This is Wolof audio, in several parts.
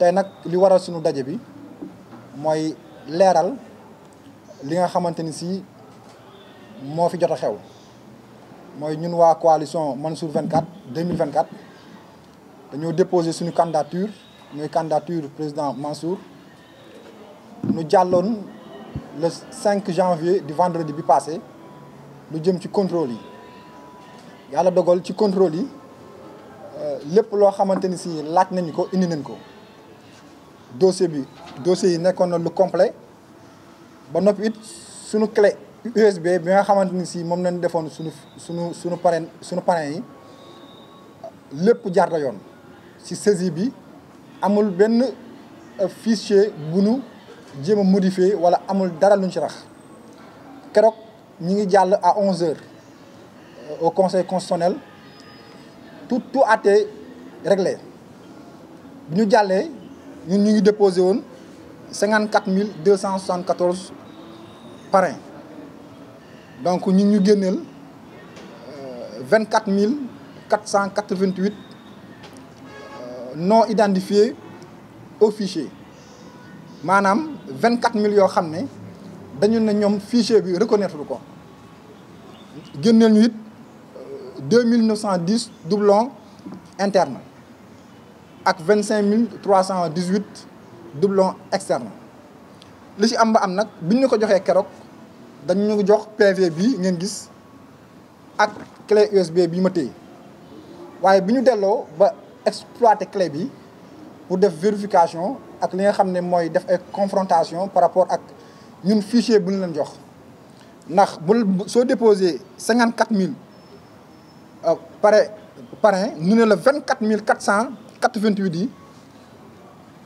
tey nag li waral suñu daje bi mooy leeral li nga xamante ni si moo fi jot a xew mooy ñun waa coalition Mansour 24 2024 dañoo déposé suñu candidature muy candidature président Mansour nu jàlloon le 5 janvier du vendredi bi passé lu jëm ci contrôle yi yàlla dogal ci contrôle yi euh, lépp loo xamante ni si laaj nañu ko indi nañ ko dossier bi dossier yi nekkoon na lu complet ba noppi it suñu clé USB bi nga xamante ni si moom lañ defoon suñu suñu suñu parrain suñu parrain yi lépp jaar na yoon si saisie bi amul benn euh, fichier bu nu jéem a modifié wala amul dara luñ ci rax keroog ñu ngi jàll à onze heures euh, au conseil constitutionnel tout tout a été réglé bi ñu jàllee ñun ñu ngi déposé woon cinquante quatre mille deux cent soixante quatorze parrain donc ñu ñu génneel euh, vingt quatre mille quatre cent quatre vingt huit euh, non identifiés au fichier maanaam vingt quatre mille yoo xam ne dañu ne ñoom fichier bi reconnaître ko génneel ñu it euh, deux mille neuf cent dix doublon interne ak vingt cinq mille trois cent dix huit doublon externe li ci am ba am nag bi ñu ko joxee keroog dañu ñu jox PV bi ngeen gis ak clé USB bi ma téye waaye bi ñu delloo ba exploiter clé bi pour def vérification ak li nga xam ne mooy def ay confrontation par rapport ak ñun fichier bu ñu leen jox ndax bu soo déposé cinquante quatre mille euh, pare parrain ñu ne la vingt quatre mille quatre cent 88 yi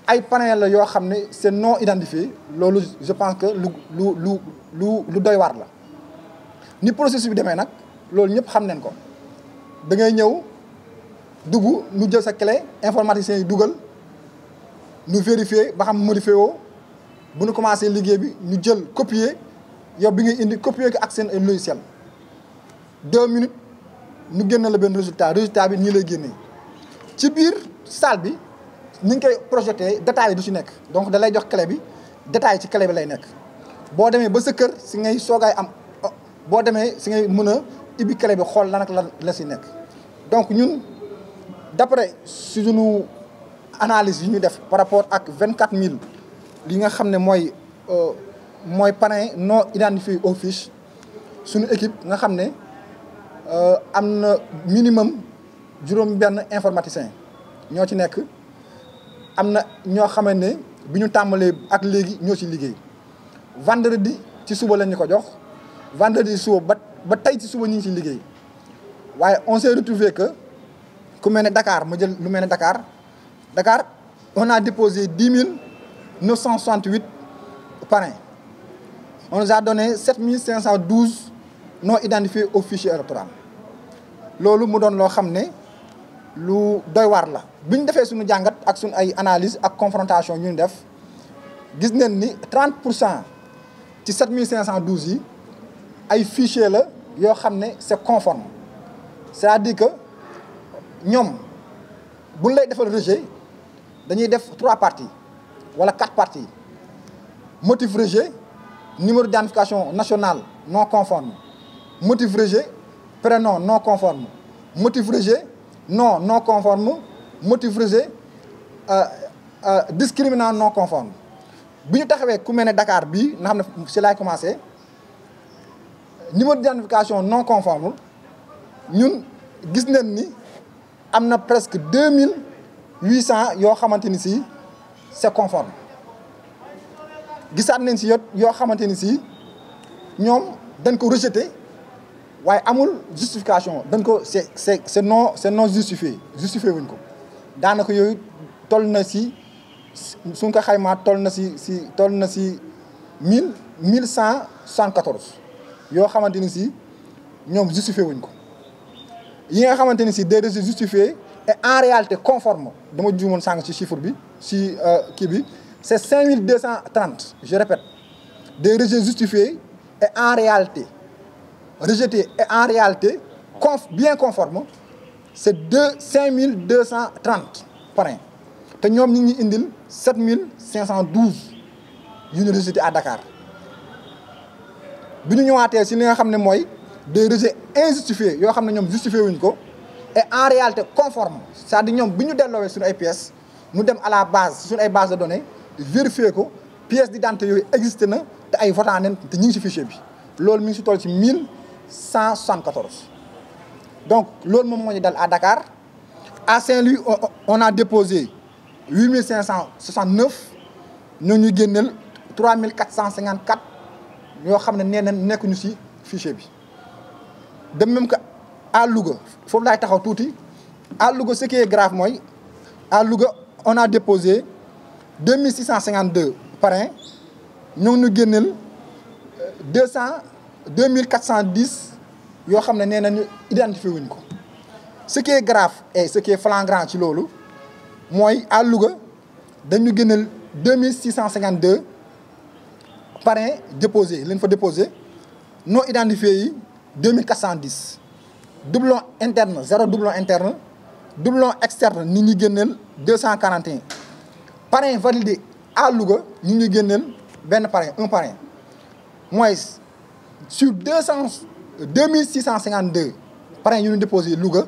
ay panel la yoo xam ne seen non identifié loolu je pense que lu lu lu lu lu doy waar la ni processus bi demee nag loolu ñëpp xam nañ ko da ngay ñëw dugg ñu jël sa clé informaticien yi dugal ñu vérifier ba xam modifié woo bu nu commencé liggéey bi ñu jël copier yow bi ngay indi copier ko ak seen logiciel deux minutes ñu génne la benn résultat résultat bi nii lay génnee ci biir. salle bi ni nga koy projeté détail yi du ci nekk donc da lay jox clé bi détail ci clé bi lay nekk boo demee ba sa kër si ngay soogaay am boo demee si ngay mën a ibbi clé bi xool lan ak la si nekk donc ñun d'après suñu analyse yi ñu def par rapport ak vingt quatre mille li nga xam ne mooy euh, mooy parrain non identifié aux fiches suñu équipe nga xam ne euh, am na minimum juróom benn informaticien ñoo ci nekk am na ñoo xamante ne bi ñu tàmbalee ak léegi ñoo ci liggéey vendredi ci suba lañu ko jox vendredi ci suba ba ba tey ci suba ñu ngi ci liggéey waaye on s'est que ku mel ne Dakar ma jël lu mel ne Dakar Dakar on a déposé dix mille neuf cent soixante-huit parrains on nous donné sept mille cinq cent douze noo identifiés au fichier électoral loolu mu doon loo xam ne. lu doy waar la bu ñu defee suñu jàngat ak suñu ay analyse ak confrontation ñu def gis neen ni 30 pour cent ci 7512 yi ay fichier la yoo xam ne c'est conforme c'est-à-dire que ñoom bu lay defal rejet dañuy def trois parties wala quatre parties motif rejet numéro d'identification nationale non conforme motif rejet prénom non conforme motif rejet non non conforme motif rejet euh, euh, discriminant non conforme bi ñu taxawee ku mel ne Dakar bii nga xam ne si laay commencé numéro d'identification non conforme ñun gis nañ ni am na presque deux mille huit cent yoo xamante ni si c'est conforme gisaat nañ si yot yoo xamante ni si ñoom dañ ko rejeté waaye amul justification dañ ko c'est c'est non c'est non justifié justifié wuñ ko daanaka yooyu toll na si suñ ko xaymaa toll na si si toll na si mille mille cent soixante-quatorze yoo xamante ni si ñoom justifié wuñ ko yi nga xamante ni si des reçus justifiés et en réalité conforme dama juumoon sànq ci chiffre bi ci euh, kii bi c'est cinq mille deux cent trente je répète des rejets justifiés et en réalité rejetés est en réalité bien conforme c'est deux cinq mille deux cent trente parrains te ñoom ñu ngi indil sept mille cinq cent douze yu ñu à Dakar bi ñu ñëwaatee si li nga xam ne mooy des rejets injustifiés yoo xam ne ñoom justifié wuñ ko et en réalité conforme cest à ñoom bi ñu delloowee suñu ay pièces ñu dem à la base suñu ay base de données vérifier ko pièces d'identité yooyu existé na te ay votants neen te ñu ngi si bi loolu mi ngi si toll ci mille 174 donc loolu moom moo ñu dal à Dakar à Saint-Louis on a déposé 8569 ñoo ñu génneel 3454 ñoo xam ne nee na nekkuñu ci fichier bi dem même ka à foofu laay taxaw tuuti à Louga ce qui grave mooy à Louga on a déposé 2652 parrain ñoo ñu génneel 200. deux mille quatre cent dix yoo xam ne nee nañu identifié wuñ ko ce qui est grave et ce ci loolu mooy à Louga dañu génneel deux mille six cent cinquante deux parrain déposé leen fa déposé noo identifié yi deux cent dix doublon interne zéro dublon interne doublon externe nit ñu génneel deux cent quarante et un parrain validé ñu ngi génneel benn parrain un parrain mooy sur deux cent deux mille six cent cinquante deux parrain yu déposé Louga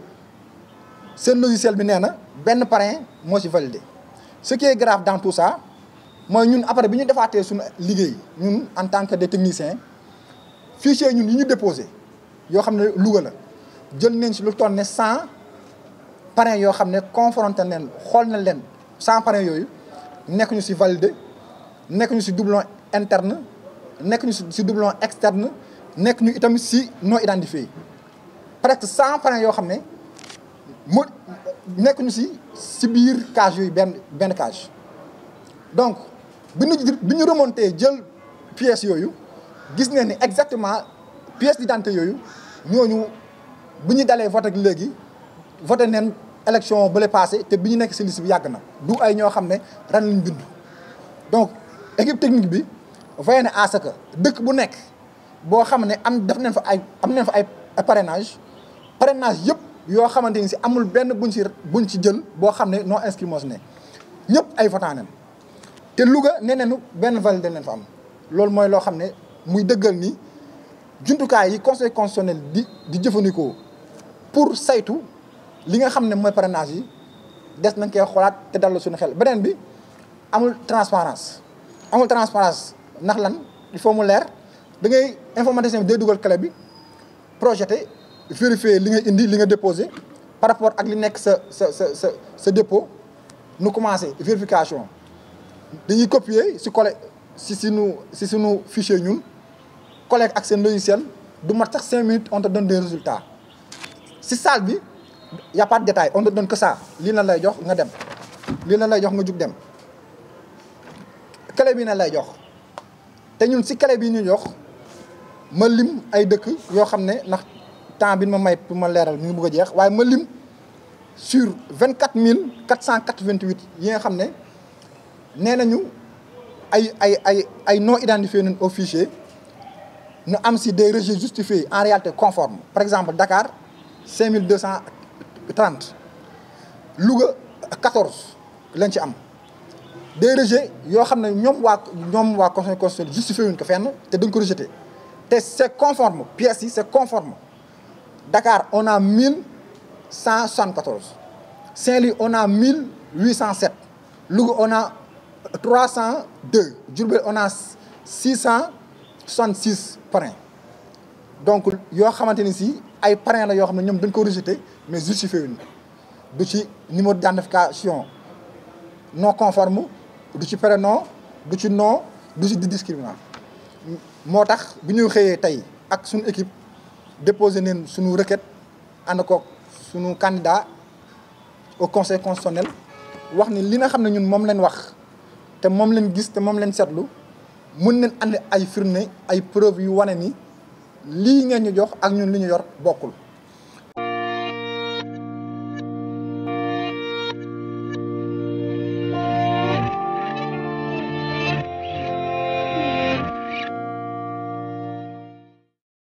seen logiciel bi nee na benn parrain moo ci validé ce qui est grave dans tout ça mooy ñun après bi ñu defaatee suñu liggéey ñun en tant que des techniciens fichier ñun yi ñu déposé yoo xam ne Louga la jël nañ si lu toll ne cent parrain yoo xam ne confronté neen xool na leen cent parrain yooyu nekk ñu ci validé nekk ñu ci doublon interne nekk ñu ci doublon externe nekk ñu itam si noo identifié presque cent francs yoo xam ne mu nekk ñu si si biir cage yooyu benn benn cage donc bi ñu bi ñu remonté jël pièces yooyu gis ne ni exactement pièces d'identité yooyu ñooñu bu ñu dalee voté ak léegi voté neen élection bale le te bi ñu nekk si liste bi yàgg na du ay ñoo xam ne ren lañ bindu donc équipe technique bi veille na à ka que dëkk bu nekk boo xam ne am def nañ fa ay am nañ fa ay parrainage parrainage yëpp yoo xamante ni si amul benn buñ si buñ si jël boo xam ne noo inscrit ne ñëpp ay votaneen te Louga nee nañu benn valide leen fa am loolu mooy loo xam ne muy dëggal ni jumtukaay yi conseil constitutionnel di di jëfandikoo pour saytu li nga xam ne mooy parrainage yi des nañ koy xoolaat te dallu suñu xel beneen bi amul transparence amul transparence ndax lan il faut mu leer da ngay informaticien bi day dugal clé bi projeté vérifier li nga indi li nga déposé par rapport ak li nekk sa sa sa sa sa nu commencé vérification dañuy copier si collé si sunu si sunu fichier ñun collègue ak seen logiciel du mat sax cinq minutes on te de résultat résultats si salle bi y a pas détail on te donne que lii lan lay jox nga dem lii na lay jox nga jug dem clé bi na lay jox te ñun si clé bi ñu jox ma lim ay dëkk yoo xam ne ndax temps bi ma may pour ma leeral mi ngi bëgg a jeex waaye ma lim sur vingt quatre mille quatre cent quatre vingt huit yi nga xam ne nee nañu ay ay ay ay non identifié nañ au fichier ñu am si des rejets justifiés en réalité conforme par exemple Dakar cinq mille deux cent trente Louga quatorze lañ ci am des rejets yoo xam ne ñoom waa ñoom waa conseil constitutionnel justifié wuñ ko fenn te dañ ko rejeté te c'est conforme pièces yi c'est conforme Dakar on a mille cent soixante-quatorze Saint-Louis on mille huit cent sept Louga on a trois cent deux Diourbel on a six cent soixante-six parrains donc yoo xamante ni si ay parrains la yoo xam ne ñoom dañ ko rejeté mais justifié wuñ du ci numéro d'identification non conforme du ci prénom du ci no du ci discriminant moo tax bu ñu xëyee tey ak suñu équipe déposé neen suñu requête ànd koog suñu candidat au conseil constitutionnel wax ni li nga xam ne ñun moom lañ wax te moom lañ gis te moom lañ seetlu mun nañ ànd ay firnde ay preuve yu wane ni lii ngeen ñu jox ak ñun li ñu yor bokkul